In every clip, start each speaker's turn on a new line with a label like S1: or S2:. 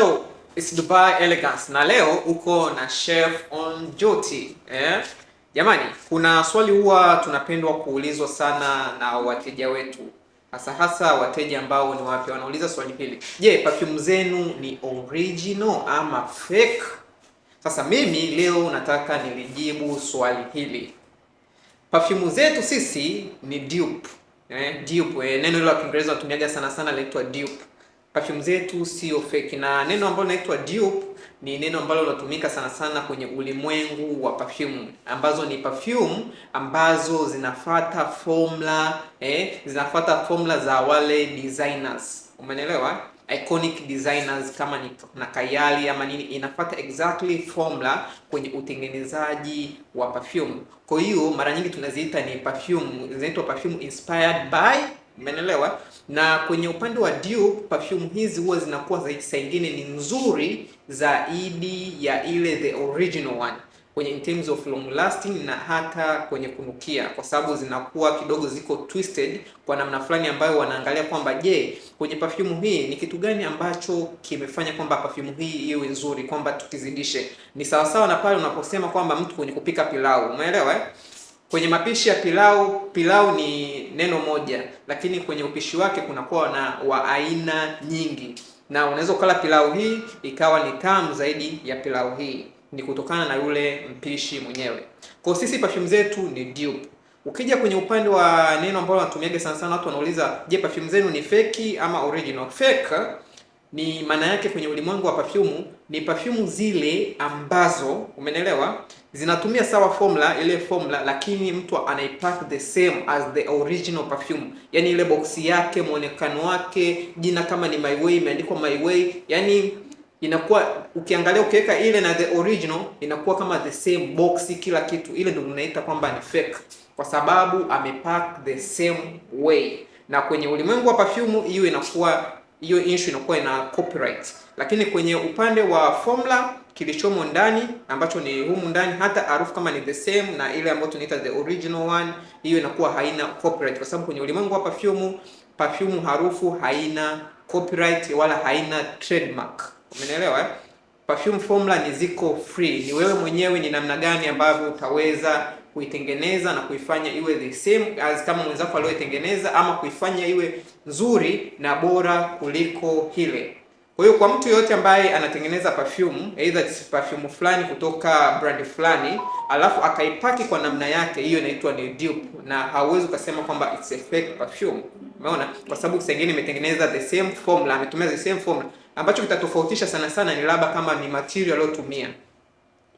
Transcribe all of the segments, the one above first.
S1: Hello, it's Dubai Elegance na leo uko na Chef on Duty eh? Jamani, kuna swali huwa tunapendwa kuulizwa sana na wateja wetu, hasa hasa wateja ambao ni wapya, wanauliza swali hili: je, perfume zenu ni original ama fake? Sasa mimi leo nataka nilijibu swali hili. Perfume zetu sisi ni dupe eh? Dupe eh, neno hilo la Kiingereza natumiaga sana sana linaitwa dupe perfume zetu sio fake, na neno ambalo linaitwa dupe ni neno ambalo linatumika sana sana kwenye ulimwengu wa perfume, ambazo ni perfume ambazo zinafuata formula eh, zinafuata formula za wale designers, umeelewa? Iconic designers kama ni na Kayali ama nini, inafuata exactly formula kwenye utengenezaji wa perfume. Kwa hiyo mara nyingi tunaziita ni perfume, zinaitwa perfume inspired by Umeelewa? Na kwenye upande wa dupe, perfume hizi huwa zinakuwa zaidi saa ingine ni nzuri zaidi ya ile the original one kwenye in terms of long lasting na hata kwenye kunukia, kwa sababu zinakuwa kidogo ziko twisted kwa namna fulani ambayo wanaangalia kwamba je, kwenye perfume hii ni kitu gani ambacho kimefanya kwamba perfume hii iwe nzuri, kwamba tukizidishe. Ni sawasawa na pale unaposema kwamba mtu kwenye kupika pilau, umeelewa eh? Kwenye mapishi ya pilau, pilau ni neno moja, lakini kwenye upishi wake kunakuwa na wa aina nyingi, na unaweza ukala pilau hii ikawa ni tamu zaidi ya pilau hii, ni kutokana na yule mpishi mwenyewe. Kwa sisi perfume zetu ni dupe. Ukija kwenye upande wa neno ambalo natumiaga sana sana, watu wanauliza, je, perfume zenu ni fake ama original? Fake ni maana yake kwenye ulimwengu wa perfume ni perfume zile ambazo, umenelewa zinatumia sawa formula ile formula, lakini mtu anaipack the same as the original perfume, yani ile box yake, mwonekano wake, jina kama ni My Way imeandikwa My Way, yani inakuwa ukiangalia ukiweka ile na the original inakuwa kama the same box, kila kitu. Ile ndio unaita kwamba ni fake, kwa sababu amepack the same way. Na kwenye ulimwengu wa perfume hiyo inakuwa hiyo issue inakuwa ina copyright, lakini kwenye upande wa formula kilichomo ndani ambacho ni humu ndani, hata harufu kama ni the same na ile ambayo tunaita the original one, hiyo inakuwa haina copyright, kwa sababu kwenye ulimwengu wa perfume, perfume harufu haina copyright wala haina trademark. Umeelewa eh? Perfume formula ni ziko free, ni wewe mwenyewe ni namna gani ambavyo utaweza kuitengeneza na kuifanya iwe the same as kama mwenzako aliyotengeneza ama kuifanya iwe nzuri na bora kuliko ile kwa hiyo kwa mtu yoyote ambaye anatengeneza perfume, either it's perfume fulani kutoka brand fulani, alafu akaipaki kwa namna yake, hiyo inaitwa ni dupe, na hauwezi ukasema kwamba it's a fake perfume. Umeona? Kwa sababu saa imetengeneza the same formula, ametumia the same formula. Ambacho kitatofautisha sana sana ni labda kama ni material aliyotumia.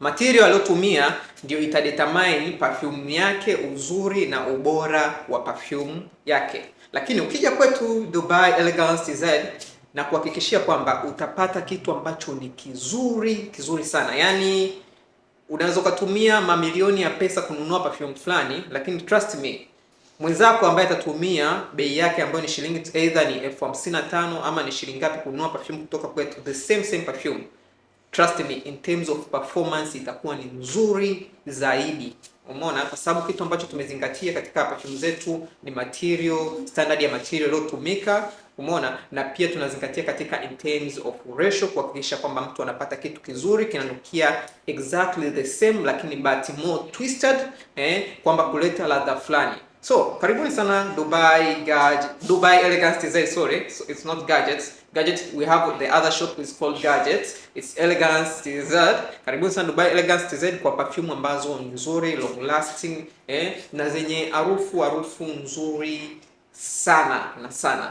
S1: Material aliyotumia ndio itadetermine perfume yake, uzuri na ubora wa perfume yake. Lakini ukija kwetu Dubai Elegance TZ na kuhakikishia kwamba utapata kitu ambacho ni kizuri kizuri sana. Yaani unaweza ukatumia mamilioni ya pesa kununua perfume fulani, lakini trust me mwenzako ambaye atatumia bei yake ambayo ni shilingi either ni elfu hamsini na tano ama ni shilingi ngapi kununua perfume kutoka kwetu, the same same perfume, trust me in terms of performance itakuwa ni nzuri zaidi. Umeona, kwa sababu kitu ambacho tumezingatia katika perfume zetu ni material, standard ya material iliyotumika. Umeona, na pia tunazingatia katika in terms of ratio kuhakikisha kwamba mtu anapata kitu kizuri kinanukia exactly the same, lakini but more twisted, eh, kwamba kuleta ladha fulani. So, karibuni sana Dubai Gadget, Dubai Elegance Design, sorry. So it's not gadgets. Gadget, we have the other shop is called Gadgets. It's Elegance Design. Karibuni sana Dubai Elegance Design kwa perfume ambazo nzuri, long lasting, eh, na zenye harufu harufu nzuri sana na sana.